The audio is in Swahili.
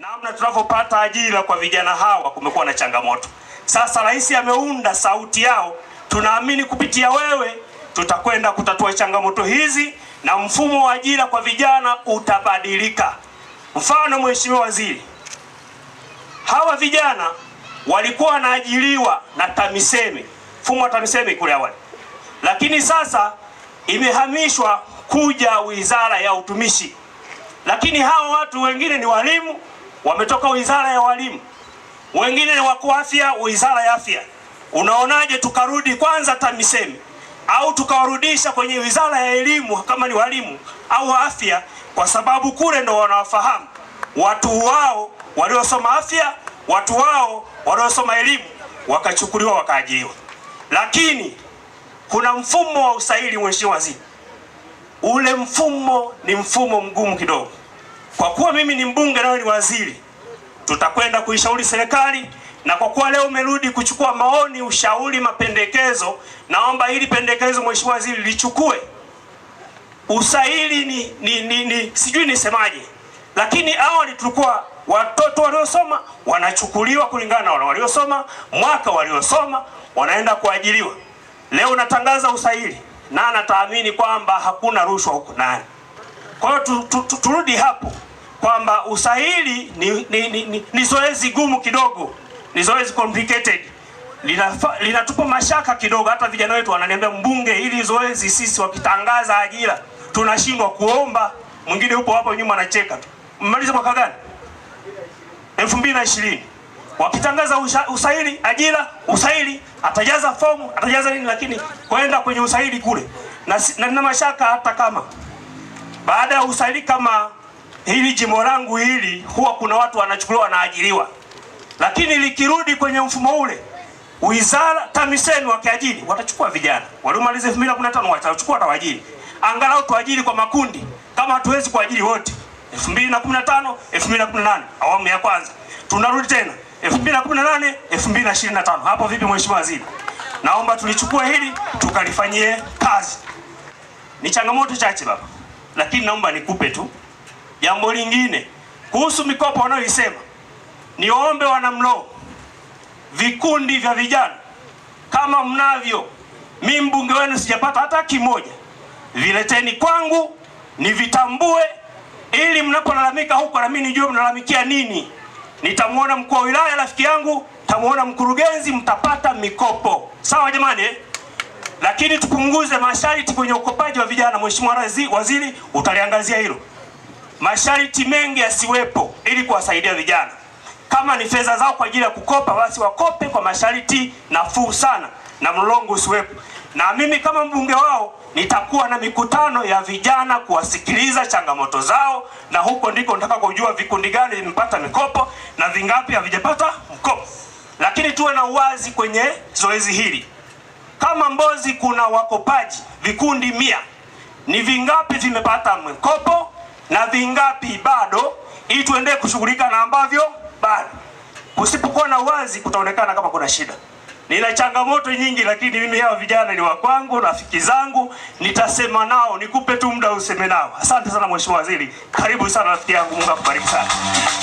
Namna tunavyopata ajira kwa vijana hawa kumekuwa na changamoto. Sasa rais ameunda sauti yao, tunaamini kupitia wewe tutakwenda kutatua changamoto hizi na mfumo wa ajira kwa vijana utabadilika. Mfano, mheshimiwa waziri, hawa vijana walikuwa wanaajiriwa na TAMISEMI, mfumo wa TAMISEMI kule awali, lakini sasa imehamishwa kuja wizara ya utumishi, lakini hawa watu wengine ni walimu wametoka wizara ya walimu, wengine ni wakuu afya, wizara ya afya. Unaonaje tukarudi kwanza TAMISEMI au tukawarudisha kwenye wizara ya elimu kama ni walimu au afya, kwa sababu kule ndo wanawafahamu watu wao waliosoma afya, watu wao waliosoma elimu, wakachukuliwa wakaajiriwa. Lakini kuna mfumo wa usaili, mheshimiwa waziri, ule mfumo ni mfumo mgumu kidogo kwa kuwa mimi ni mbunge nawe ni waziri, tutakwenda kuishauri serikali, na kwa kuwa leo umerudi kuchukua maoni, ushauri, mapendekezo, naomba hili pendekezo mheshimiwa waziri lichukue usahili ni, ni, ni, ni sijui nisemaje, lakini awali tulikuwa watoto waliosoma wanachukuliwa kulingana na wale waliosoma mwaka waliosoma wanaenda kuajiriwa. Leo natangaza usahili na nataamini kwamba hakuna rushwa huko ndani. Kwa hiyo tu, tu, tu, turudi hapo kwamba usahili ni, ni, ni, ni, ni zoezi gumu kidogo, ni zoezi complicated linatupa lina mashaka kidogo. Hata vijana wetu wananiambia, mbunge, ili zoezi sisi wakitangaza ajira tunashindwa kuomba. Mwingine yupo hapo nyuma anacheka tu. Mmaliza mwaka gani? 2020 wakitangaza usaili ajira, usaili atajaza fomu atajaza nini, lakini kwenda kwenye usaili kule na, na, na mashaka hata kama baada ya usaili kama hili jimbo langu hili huwa kuna watu wanachukuliwa wanaajiriwa, lakini likirudi kwenye mfumo ule wizara TAMISEMI wakiajiri watachukua vijana waliomaliza 2015 watachukua tawaajiri, angalau tuajiri kwa makundi, kama hatuwezi kuajiri wote. 2015 2018, awamu ya kwanza, tunarudi tena 2018 2025. Hapo vipi, mheshimiwa waziri? Naomba tulichukue hili tukalifanyie kazi. Ni changamoto chache baba, lakini naomba nikupe tu Jambo lingine kuhusu mikopo wanayoisema, niwaombe wanamloo, vikundi vya vijana kama mnavyo, mi mbunge wenu sijapata hata kimoja, vileteni kwangu nivitambue, ili mnapolalamika huko na mimi nijue mnalalamikia nini. Nitamwona mkuu wa wilaya rafiki yangu, tamuona mkurugenzi, mtapata mikopo. Sawa jamani eh? Lakini tupunguze masharti kwenye ukopaji wa vijana. Mheshimiwa Waziri, utaliangazia hilo masharti mengi yasiwepo ili kuwasaidia vijana. Kama ni fedha zao kwa ajili ya kukopa, basi wakope kwa masharti nafuu sana na mlongo usiwepo. Na mimi kama mbunge wao nitakuwa na mikutano ya vijana kuwasikiliza changamoto zao, na huko ndiko nataka kujua vikundi gani vimepata mikopo na vingapi havijapata mkopo. Lakini tuwe na uwazi kwenye zoezi hili. Kama Mbozi kuna wakopaji vikundi mia, ni vingapi vimepata mkopo na vingapi bado, ili tuendelee kushughulika na ambavyo bado. Kusipokuwa na uwazi, kutaonekana kama kuna shida. Nina changamoto nyingi, lakini mimi hawa vijana ni wa kwangu, rafiki zangu, nitasema nao, nikupe tu muda useme nao. Asante sana Mheshimiwa Waziri, karibu sana rafiki yangu, Mungu akubariki sana.